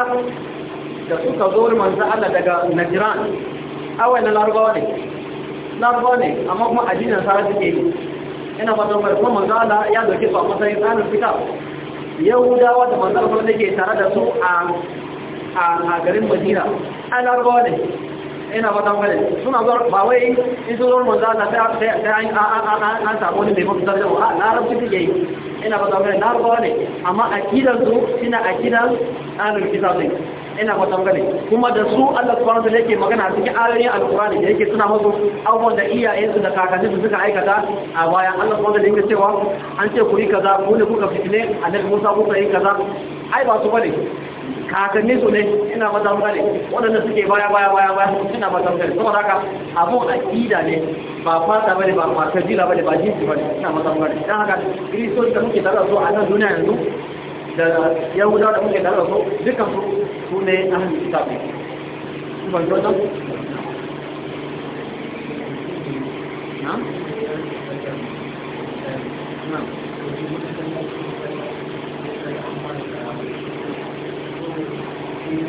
da suka zo manzo Allah daga Najran awai na Larabawa ne Larabawa ne amma kuma addinin nasara suke yi ina fatan mai kuma manzo Allah ya doke su a matsayin tsarin fita Yahudawa da manzo Allah yake tare da su a a garin madina an larabawa ne ina matan gane suna zuwa ba wai in su zuwa manzo na sai an samu wani mai mafi zarjawa a larabci suke yi ina matan gane larabawa ne amma akidan su suna akidan alul kitab ne ina matan gane kuma da su Allah subhanahu wa yake magana cikin ayoyin alqur'ani da yake suna musu abubuwan da iyayen su da kakanni su suka aikata a bayan Allah subhanahu wa ta'ala yake cewa an ce ku yi kaza ku ne kuka fitine annabi Musa kuka yi kaza ai ba su bane kakanni su ne ina mata gane waɗanda suke baya baya baya baya ina mata gane saboda haka abun aqida ne ba fata bane ba ba kabila bane ba jinsi bane ina mata gane dan haka kristoci da muke tare da su a nan duniya yanzu da yahudawa da muke tare da su dukkan su su ne ahlul kitab ne kuma Đây,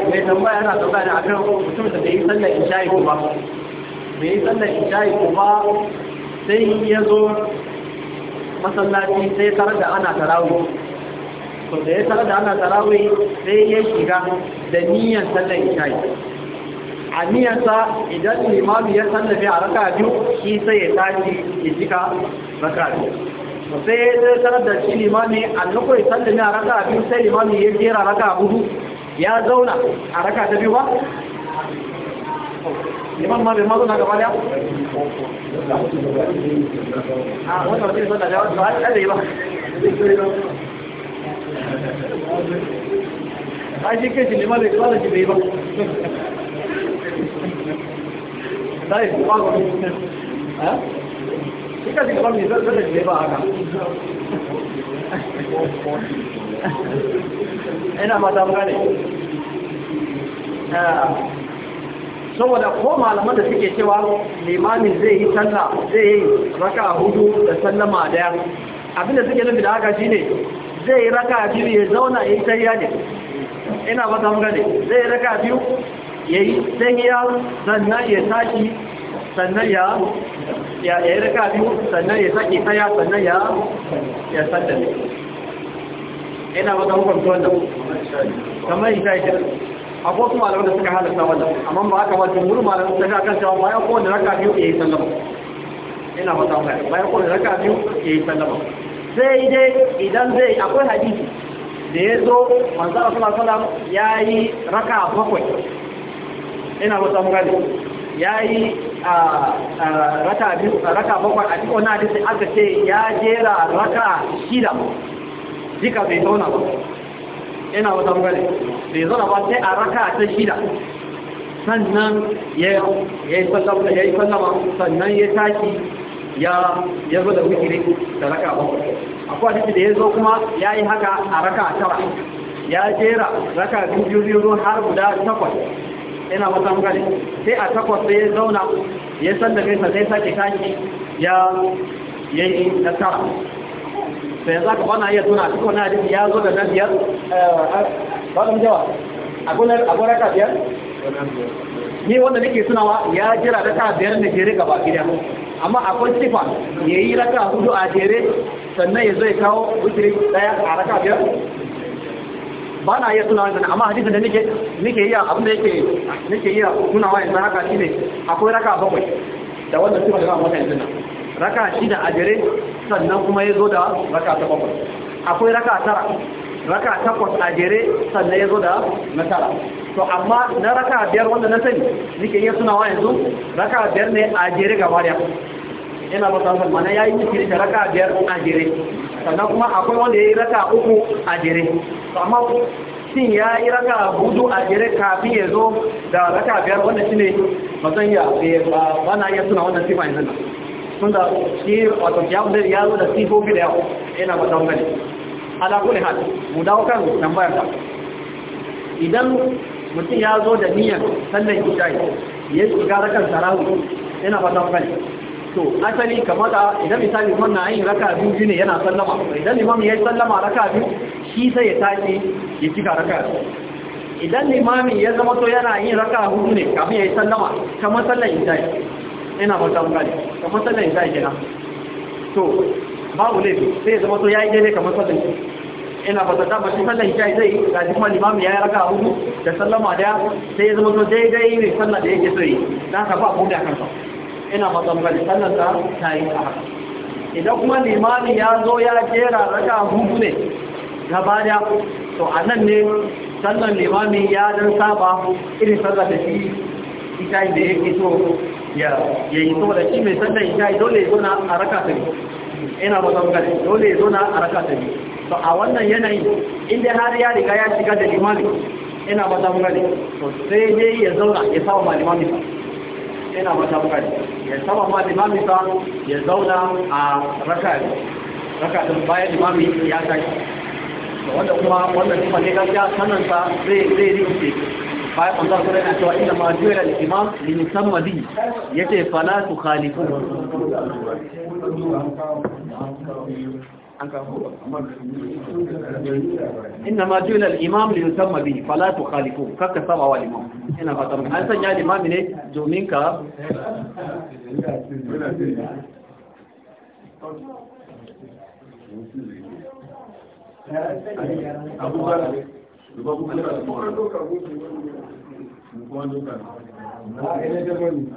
kai mai tambaya yana tambaya da akan mutum da yi sallar isha'i ko ba bai yi sallar isha'i ko ba sai ya zo masallaci sai tare da ana tarawi ko da ya da ana tarawi sai ya shiga da niyyar sallar isha'i a niyyarsa idan limami ya sallafi a raka biyu shi sai ya tashi ya cika raka biyu sai ya tarar da shi limami annuku ya sallafi a raka biyu sai limami ya jera raka hudu ya zauna a raka ta biyu ba liman ma bai mazo na gaba da عايزين كيف اللي مالك خالص اللي يبقى طيب ها كيف اللي قبل يزال اللي يبقى انا ما تبغاني ها saboda ko malaman da suke cewa limamin zai yi sallah zai yi raka hudu da sallama daya abinda suke nufi da haka shine zai yi raka biyu ya zauna ya tayya ne ina ba ta magane zai yi raka biyu ya tayya sannan ya tashi sannan ya ya yi raka biyu sannan ya saki tayya sannan ya ya sallame ina ba ta hukunta wannan kamar ita ita akwai wasu malaman da suka halatta wannan amma ba haka ba jumhur malaman suka kan cewa bayan kowane raka biyu yi sallama ina fata mai bayan kowane raka biyu ya yi sallama sai dai idan zai akwai hadisi da ya zo manzo Allah sallallahu ya yi raka bakwai ina fata mu ya yi raka bakwai a cikin wani hadisi aka ce ya jera raka shida duka bai zauna ba ina wata bugare ya zara ba sai a raka ta shida sannan ya yi sallama sannan ya taki, ya ya zo da wikiri da raka ba akwai hadisi da ya zo kuma ya yi haka a raka tara ya jera raka biyu biyu har guda takwas ina wata bugare sai a takwas sai ya zauna ya sallame sa sai sake taki, ya yi na tara da yanzu aka bana iya tuna cikin wani hadisi ya zo da na biyar eh, ba da jawa a gwanar ta biyar ni wanda nake tunawa ya jira da ta biyar na jere gaba gida amma akwai sifa ya yi raka hudu a jere sannan ya zo zai kawo wikiri daya a raka biyar ba na iya tunawa yanzu amma hadisin da nake nake iya abin da yake nake iya tunawa yanzu haka shine akwai raka bakwai da wannan sifa da ba mutane yanzu raka shida a jere sannan kuma ya zo da raka ta bakwai akwai raka tara raka takwas a jere sannan ya zo da na tara to amma na raka biyar wanda na sani nike iya sunawa yanzu raka biyar ne a jere gaba daya ina ba san mana yayi miki da raka biyar a jere sannan kuma akwai wanda yayi raka uku a jere to amma shin ya yi raka hudu a jere kafin ya zo da raka biyar wanda shine mazan zan ya eh, ba na iya suna wannan sifa yanzu tun da shi wato jabir ya zo da sifofi da yawa yana ba don gani ala kulli hal mu dawo kan tambayar ta idan mutum ya zo da niyyar sannan isha'i ya shiga rakan sarahu yana ba don gani to asali kamata idan misali liman na yin raka biyu ne yana sallama idan liman ya yi sallama raka biyu shi sai ya tashi ya cika raka idan limami ya zama to yana yin raka hudu ne kafin ya yi sallama kamar sallan isha'i ina mata bukari kamar sallar isa ya gina to babu laifi sai ya zama to ya yi daidai kamar sallar isa ina fata ta bashi sallar isa zai ga duk limamin ya yi raka hudu da sallama daya sai ya zama to daidai mai sannan da yake soyi na dan haka ba kuma a kansa ina fata bukari sallar ta ta yi a haka idan kuma limamin ya zo ya jera raka hudu ne gaba daya to a nan ne sannan limamin ya dan saba irin sallar da shi ita da yake so ya yi saboda shi mai sanda yi dole ya zona a raka ta ina ba zan gani dole ya zona a raka ta to a wannan yanayi inda har ya riga ya shiga da limami ina ba zan gani to sai dai ya zauna ya samu ma limami ina ba zan gani ya samu ma limami sa ya zauna a raka raka ta bayan limami ya tashi wanda kuma wannan kuma ne gaskiya sanansa zai zai rike باي الله تعالى ان تو الى فلا تخالفوا انما جئنا الإمام لنسمى به فلا تخالفوا كما سبع الإمام هنا فطر هل سنجا الامام ني جومينكا kuma kuma ne ba su kuma doka mu kuma doka a ina da mani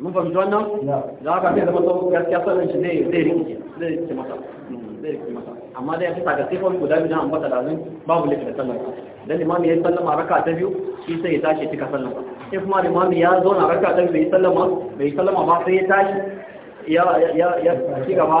mun fahimci wannan da haka zai zama sau gaskiya sanin shi zai zai rike zai rike masa zai rike masa amma dai ya fi saka sifon guda biyu na ambata da zan babu lafi da sallan dan imami ya sallama raka ta biyu shi sai ya tashi cika sallama sai kuma imami ya zauna raka ta biyu ya sallama bai sallama ba sai ya tashi ya ya ya ci gaba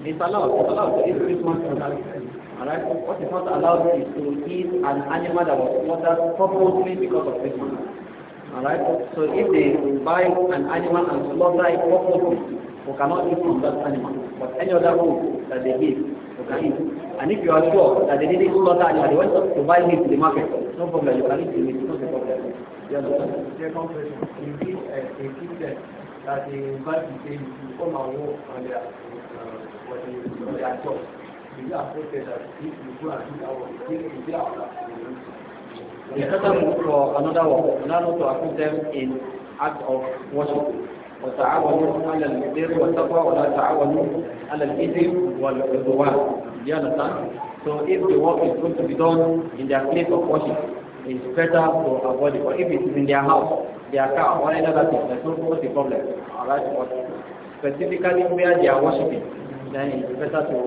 It's allowed. It's allowed to eat this Christmas product. Alright? What is not allowed is to eat an animal that was slaughtered purposely because of this Christmas. Alright? So if they buy an animal and slaughter it purposely, we cannot eat from that animal. But any other food that they give, we can eat. And if you are sure that they didn't slaughter animal, they went to buy meat in the market, no problem. You can eat the meat. It's not a problem. Yes, their confession. He they another work. Another to accept them in act of worship. وتعاونوا على البر والتقوى ولا تعاونوا على الاثم والعدوان. Do you understand? So if the work is going to be done in their place of worship, it's better to avoid it. But if it is in their house, their car, or any other thing, that's not what's the problem. Alright, but specifically where they are worshipping, then it's better to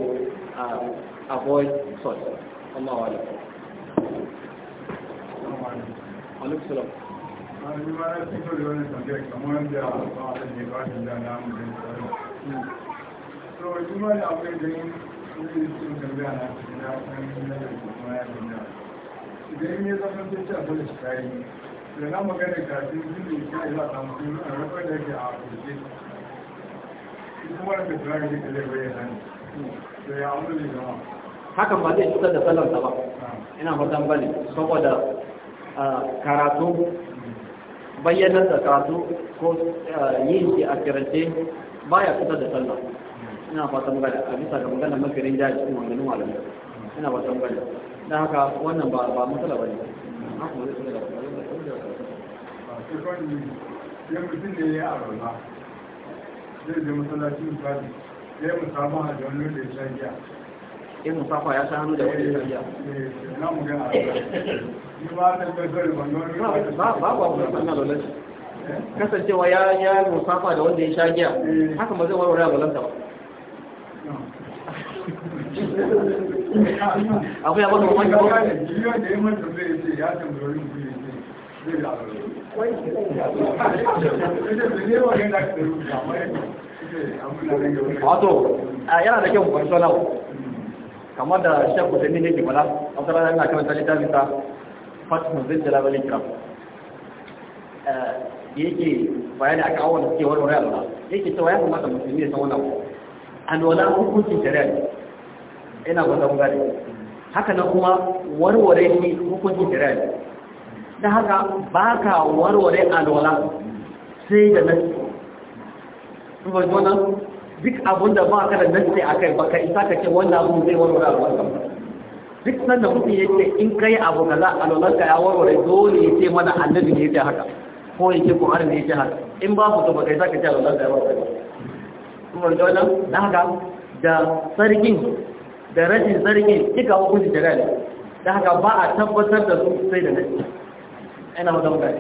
uh, avoid such. Allah Allah. Alaikum So, you might have been doing this in the Ghana, and that's why you idan ya zama sai ce abin da shi kayi da na magana kafin jini ya yi za a samu sun a rafa da yake a kusurce shi kuma da tafiya da yake zai bayyana ne da ya abu da zama hakan ba zai cutar da salonsa ba ah. ina fatan bane saboda ah, karatu bayyanar da karatu ko ah, yin shi a kirance baya cutar da sallah hmm. ina fatan bane a bisa ga magana mafirin jaji cikin wanganin malamai ina fatan bane da haka wannan ba ba matsala bane yan mutum ne ya arba zai je masallaci misali ya yi musafa da wani da ya sha giya yin musafa ya sha hannu da wani ya sha giya na mu gana ba ta kasar bangon ba ba ba ba ba kasancewa ya ya musafa da wanda ya sha giya haka ma zai warware a ba akwai abin da wani wato yana da kyau kwanso nau kamar da shekku da nile ke fada a tsara yana kan tsari ta bisa fatin zai jira bali eh, kira yake bayani aka awon da suke wani wani alwala yake cewa ya kamata musulmi ya san wani alwala hukuncin shari'a ina wata gari haka na kuma warware shi hukuncin jirani da haka ba ka warware alwala sai da nasi wannan duk abin da ba ka da nasi a kai baka isa ka ce wannan abin zai warware alwala duk sanda mutum ya ce in kai abu kaza alwalar ka ya warware dole ya ce mana annabi ne ya ce haka ko ya ce kuhar ne ya ce haka in ku to baka isa ka ce alwalar ka ya warware kuma da wannan da haka da sarkin da rashin zargi duka hukunci shari'a ne da haka ba a tabbatar da su sai da nasi ina mutum gari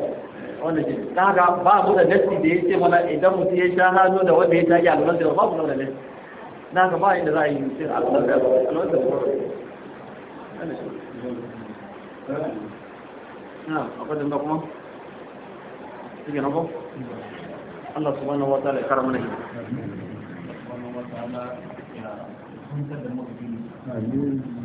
wanda shi ta haka ba mu da nasi da ya ce mana idan mutum ya sha hannu da wanda ya tafi alwala da ba mu nasi na haka ba inda za a yi mutum alwala da alwala da na akwai da kuma suke na ko Allah subhanahu wa ta'ala ya kara mana yi Allah subhanahu wa ta'ala ya kuntar da mutum 嗯。